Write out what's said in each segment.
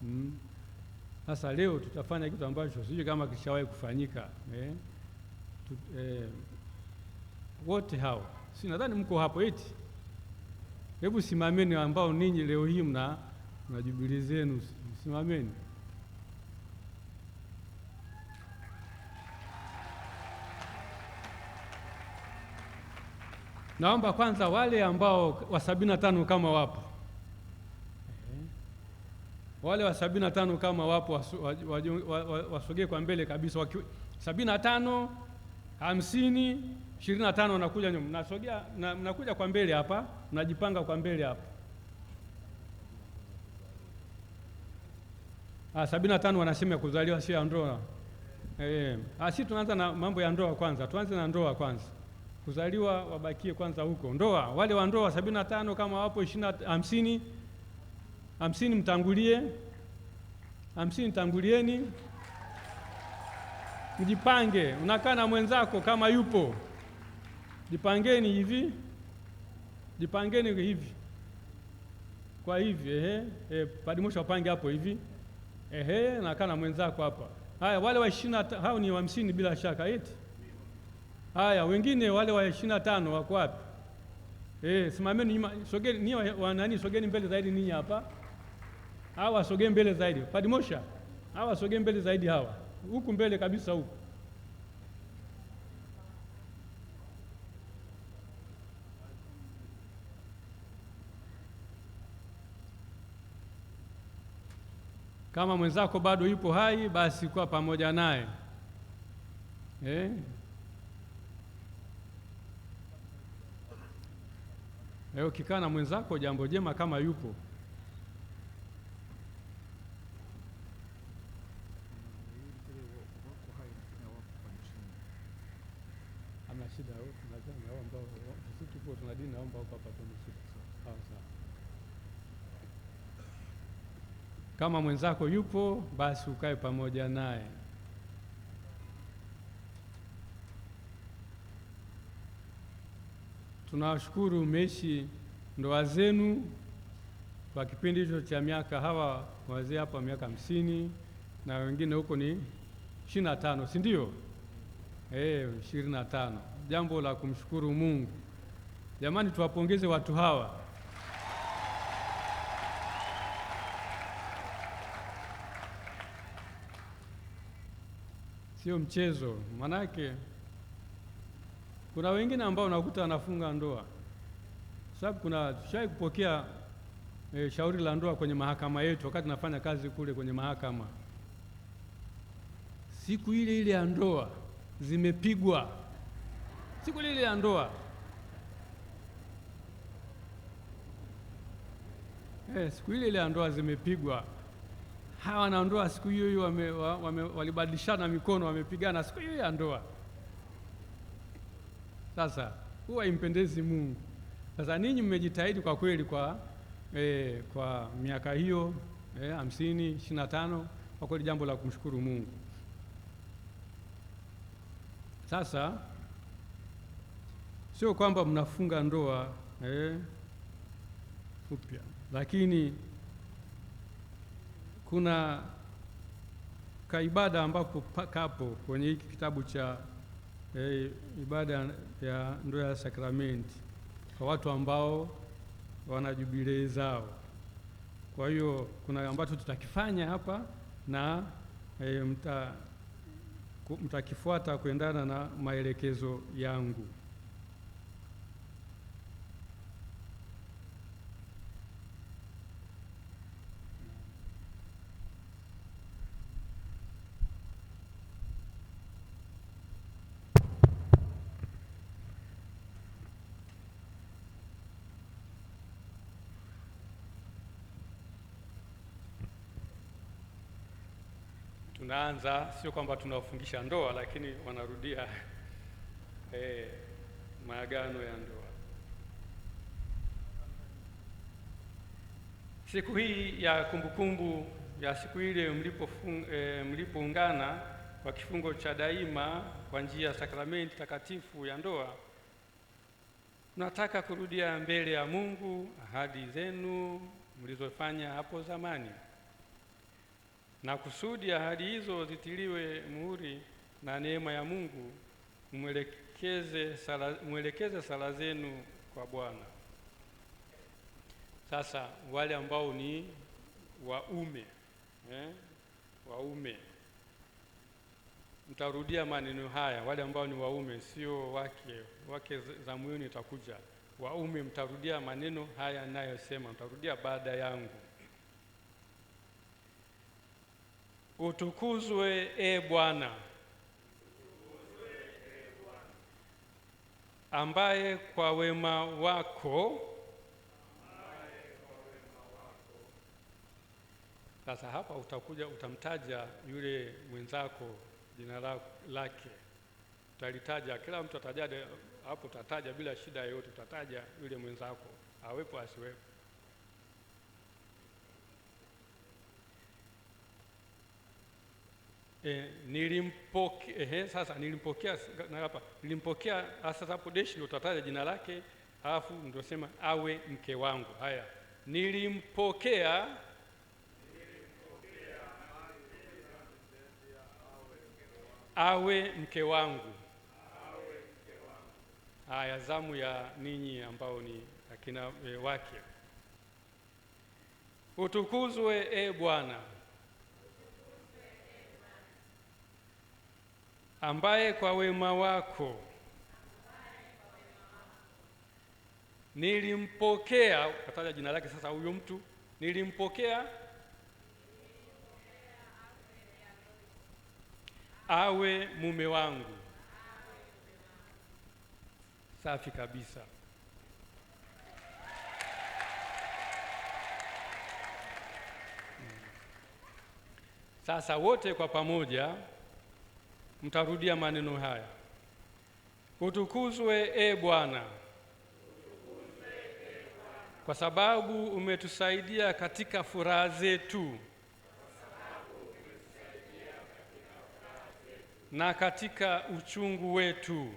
Hmm? sasa Leo tutafanya kitu ambacho sijui kama kishawahi kufanyika eh? Tut, eh, wote hao si nadhani mko hapo eti, hebu simameni ambao ninyi leo hii mna na jubilii zenu, simameni Naomba kwanza wale ambao wa sabini na tano kama wapo wale wa sabini na tano kama wapo wasogee kwa mbele kabisa, sabini na tano hamsini ishirini na tano wanakuja nyuma, mnasogea, mnakuja kwa mbele hapa, mnajipanga kwa mbele hapa. Ah, sabini na tano wanasema ya kuzaliwa sio ya ndoa. Eh, ah, si tunaanza na mambo ya ndoa kwanza, tuanze na ndoa kwanza, kuzaliwa wabakie kwanza huko. Ndoa wale wa ndoa sabini na tano kama wapo ishirini hamsini hamsini mtangulie, hamsini tangulieni, mjipange. Unakaa na mwenzako kama yupo, jipangeni hivi, jipangeni hivi kwa hivi, ehe, ehe, padimosha wapange hapo hivi, ehe, nakaa na mwenzako hapa. Haya, wale wa ishirini hao ni hamsini bila shaka eti. Eh? Haya, wengine wale wa ishirini na tano wako wapi? Eh, simameni nyuma, sogeni, ninyi wa nani, sogeni mbele zaidi ninyi hapa hawa wasogee mbele zaidi, Padmosha, hawa wasogee mbele zaidi, hawa huku mbele kabisa huku. Kama mwenzako bado yupo hai, basi kuwa pamoja naye eh? Leo eh, ukikaa na mwenzako jambo jema kama yupo Kama mwenzako yupo, basi ukae pamoja naye. Tunawashukuru mmeishi ndoa zenu kwa kipindi hicho cha miaka, hawa wazee hapa miaka hamsini na wengine huko ni ishirini na tano, si ndio? Eh, ishirini na tano. Jambo la kumshukuru Mungu. Jamani, tuwapongeze watu hawa. sio mchezo. Manake kuna wengine ambao nakuta anafunga ndoa, sababu kuna shai kupokea e, shauri la ndoa kwenye mahakama yetu, wakati nafanya kazi kule kwenye mahakama, siku ile ile ya ndoa zimepigwa, siku ile ile ya ndoa e, siku ile ile ya ndoa zimepigwa hawa ndoa siku hiyo hiyo wame, wame, walibadilishana mikono wamepigana siku hiyo ya ndoa. Sasa huwa impendezi Mungu. Sasa ninyi mmejitahidi kwa kweli kwa, e, kwa miaka hiyo e, hamsini eh, ishirini na tano kwa kweli jambo la kumshukuru Mungu. Sasa sio kwamba mnafunga ndoa eh, upya lakini kuna kaibada ambapo pakapo kwenye hiki kitabu cha eh, ibada ya ndoa ya sakramenti kwa watu ambao wana jubilei zao. Kwa hiyo kuna ambacho tutakifanya hapa na eh, mtakifuata mta kuendana na maelekezo yangu. wanaanza, sio kwamba tunawafungisha ndoa, lakini wanarudia eh, maagano ya ndoa. Siku hii ya kumbukumbu kumbu ya siku ile eh, mlipoungana eh, kwa kifungo cha daima kwa njia ya sakramenti takatifu ya ndoa, tunataka kurudia mbele ya Mungu ahadi zenu mlizofanya hapo zamani na kusudi ahadi hizo zitiliwe muhuri na neema ya Mungu, mwelekeze sala, mwelekeze sala zenu kwa Bwana. Sasa wale ambao ni waume eh, waume nitarudia maneno haya, wale ambao ni waume, sio wake wake za moyoni, itakuja waume, mtarudia maneno haya ninayosema, mtarudia baada yangu. Utukuzwe e Bwana, ambaye kwa wema wako. Sasa hapa utakuja utamtaja yule mwenzako, jina lake utalitaja, kila mtu ataja hapo, utataja bila shida yoyote, utataja yule mwenzako awepo asiwepo. E, nilimpokea ehe, eh, sasa nilimpokea na hapa nilimpokea hasa ah, hapo deshi ndio utataja jina lake, alafu ndio sema awe mke wangu. Haya, nilimpokea awe mke wangu. Haya, zamu ya ninyi ambao ni akina e, wake. Utukuzwe e Bwana. ambaye kwa wema wako nilimpokea, Kataja jina lake. Sasa huyo mtu nilimpokea awe mume wangu. Safi kabisa. Sasa wote kwa pamoja mtarudia maneno haya: utukuzwe e Bwana, kwa sababu umetusaidia katika furaha zetu na katika uchungu wetu.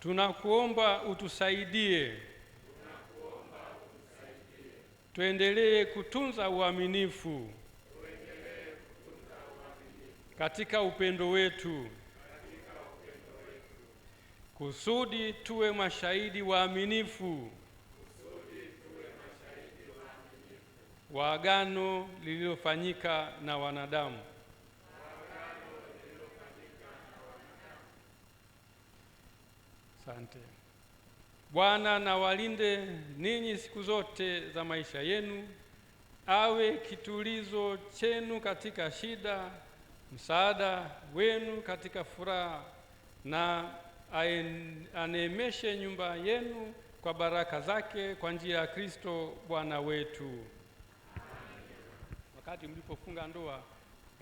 Tunakuomba utusaidie tuendelee kutunza uaminifu katika upendo wetu, kusudi tuwe mashahidi waaminifu wa agano lililofanyika na wanadamu. Asante. Bwana na walinde ninyi siku zote za maisha yenu, awe kitulizo chenu katika shida msaada wenu katika furaha, na aneemeshe nyumba yenu kwa baraka zake kwa njia ya Kristo Bwana wetu. Wakati mlipofunga ndoa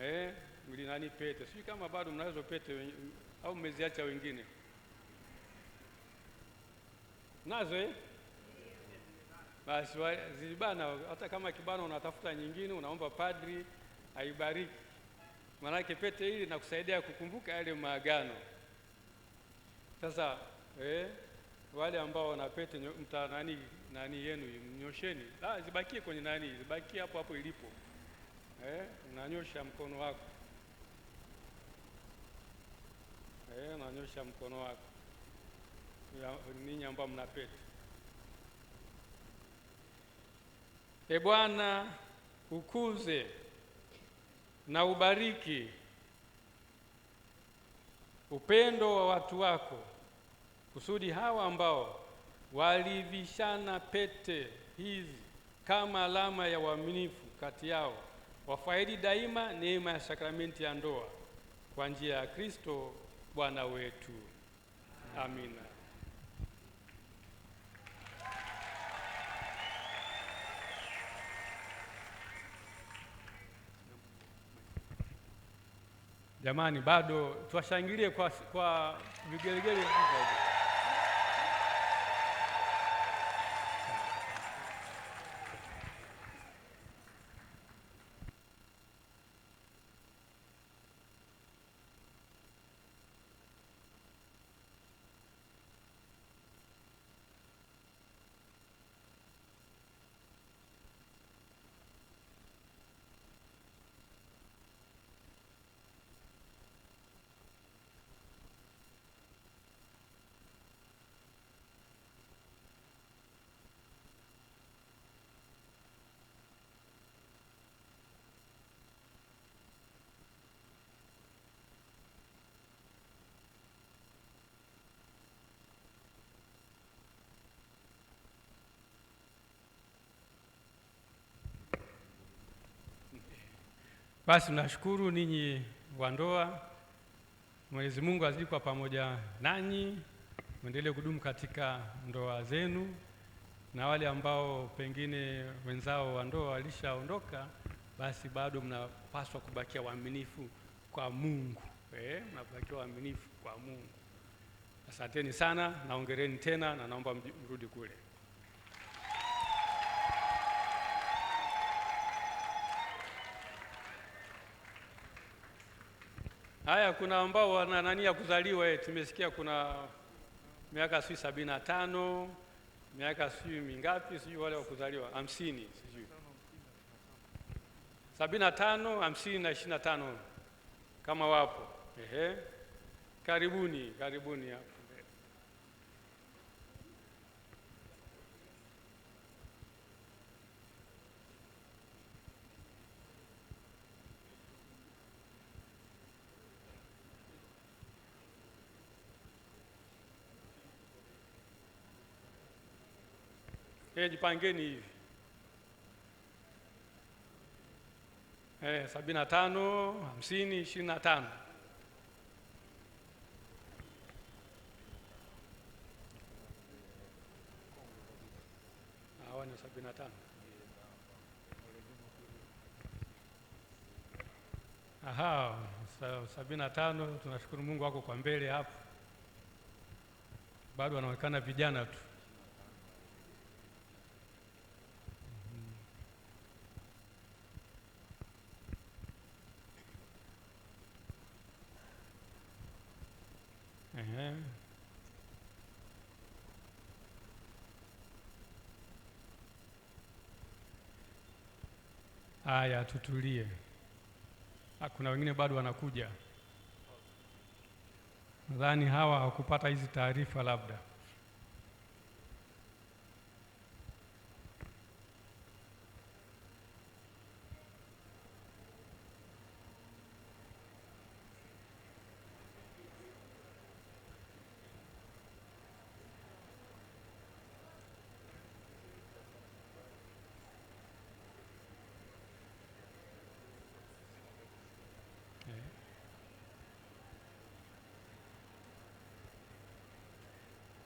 eh, mlinani pete, sijui kama bado mnazo pete au mmeziacha wengine nazo eh? Basi zibana. hata kama kibana unatafuta nyingine, unaomba padri aibariki. Maanake pete hili nakusaidia kukumbuka yale maagano. Sasa eh, wale ambao wana pete mta nani nani yenu mnyosheni, zibakie kwenye nani, zibakie hapo hapo ilipo eh, unanyosha mkono wako eh, unanyosha mkono wako ninyi ambao mna pete. E Bwana, ukuze na ubariki upendo wa watu wako, kusudi hawa ambao walivishana pete hizi kama alama ya uaminifu kati yao wafaidi daima neema ya sakramenti ya ndoa kwa njia ya Kristo Bwana wetu. Amina. Jamani, bado tuwashangilie kwa, kwa vigelegele. Basi nashukuru ninyi wandoa, Mwenyezi Mungu azidi kwa pamoja nanyi, mwendelee kudumu katika ndoa zenu, na wale ambao pengine wenzao wa ndoa walishaondoka, basi bado mnapaswa kubakia waaminifu kwa Mungu eh, mnabakia waaminifu kwa Mungu. Asanteni sana, naongereni tena, na naomba mrudi kule. Haya, kuna ambao wana ya kuzaliwa eh, tumesikia kuna miaka sijui sabini na tano miaka sijui mingapi sijui wale wa kuzaliwa hamsini sijui sabini na tano hamsini na ishirini na tano kama wapo ehe, karibuni karibuni hapo. Eh, jipangeni hivi eh, sabini na tano hamsini ishirini na tano hawa ni sabini na tano aha, sabini na tano. Tunashukuru Mungu wako kwa mbele hapo, bado wanaonekana vijana tu. haya tutulie. Ah, kuna wengine bado wanakuja, nadhani hawa hawakupata hizi taarifa labda.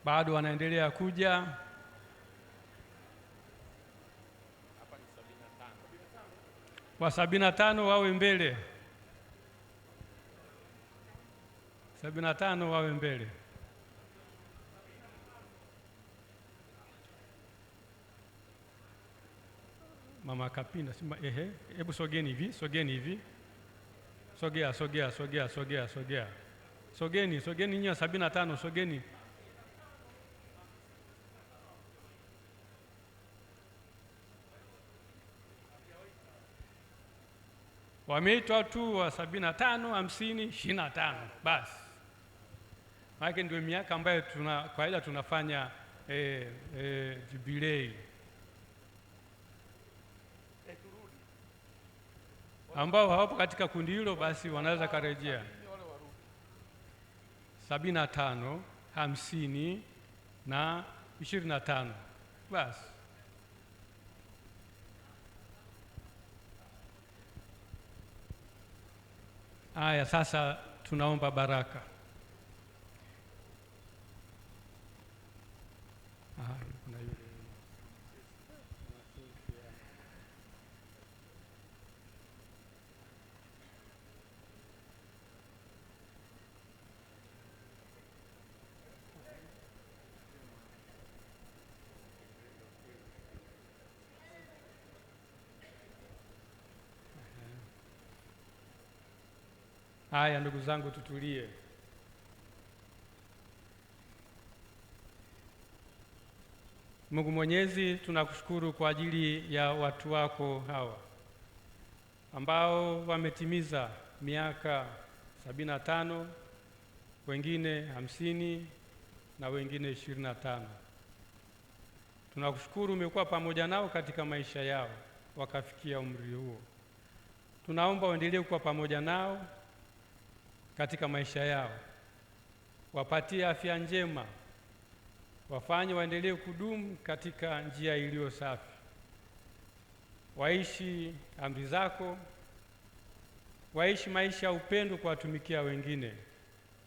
bado wanaendelea kuja. Wa sabini na tano wawe mbele, sabini na tano wawe mbele. Mama Kapinda, ehe, hebu sogeni hivi, sogeni hivi, sogea, sogea, sogea, sogea, sogea, sogeni, sogeni nyinyi wa sabini na tano, sogeni wameitwa tu wa sabini na tano hamsini ishirini na tano basi, maanake ndio miaka ambayo tuna kawaida tunafanya eh, eh, jubilei ambao hawapo katika kundi hilo basi wanaweza karejea sabini na tano hamsini na ishirini na tano basi. Haya, sasa tunaomba baraka. Haya, ndugu zangu, tutulie. Mungu Mwenyezi, tunakushukuru kwa ajili ya watu wako hawa ambao wametimiza miaka sabini na tano, wengine hamsini na wengine ishirini na tano. Tunakushukuru umekuwa pamoja nao katika maisha yao wakafikia umri huo. Tunaomba uendelee kuwa pamoja nao katika maisha yao, wapatie afya njema, wafanye waendelee kudumu katika njia iliyo safi, waishi amri zako, waishi maisha ya upendo kuwatumikia wengine,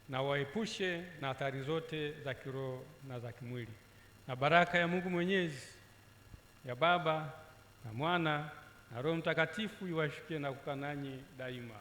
na waepushe na athari zote za kiroho na za kimwili. Na baraka ya Mungu Mwenyezi ya Baba na Mwana na Roho Mtakatifu iwashukie na kukaa nanyi daima.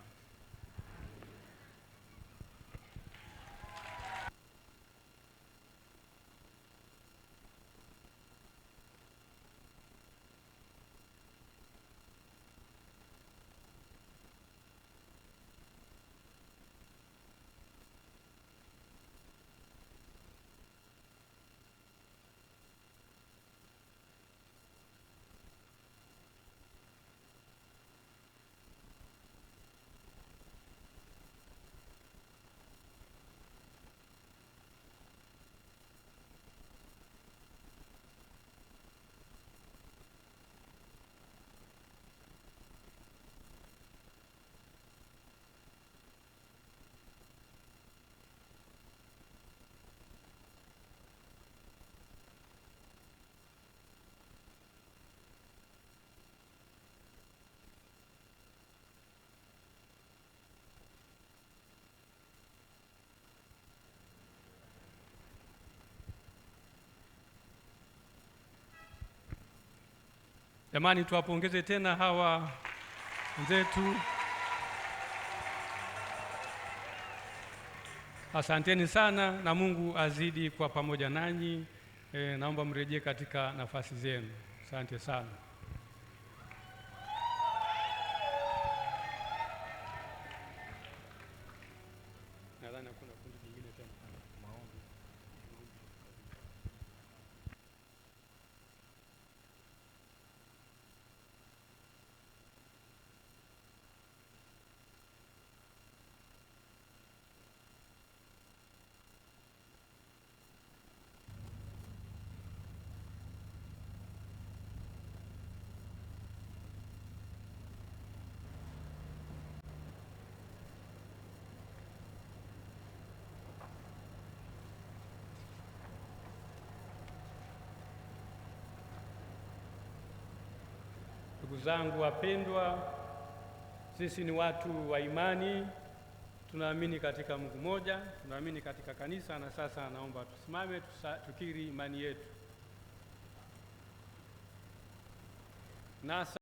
Jamani, tuwapongeze tena hawa wenzetu. Asanteni sana na Mungu azidi kwa pamoja nanyi. E, naomba mrejee katika nafasi zenu. Asante sana. zangu wapendwa, sisi ni watu wa imani, tunaamini katika Mungu mmoja, tunaamini katika kanisa, na sasa naomba tusimame tusa, tukiri imani yetu nasa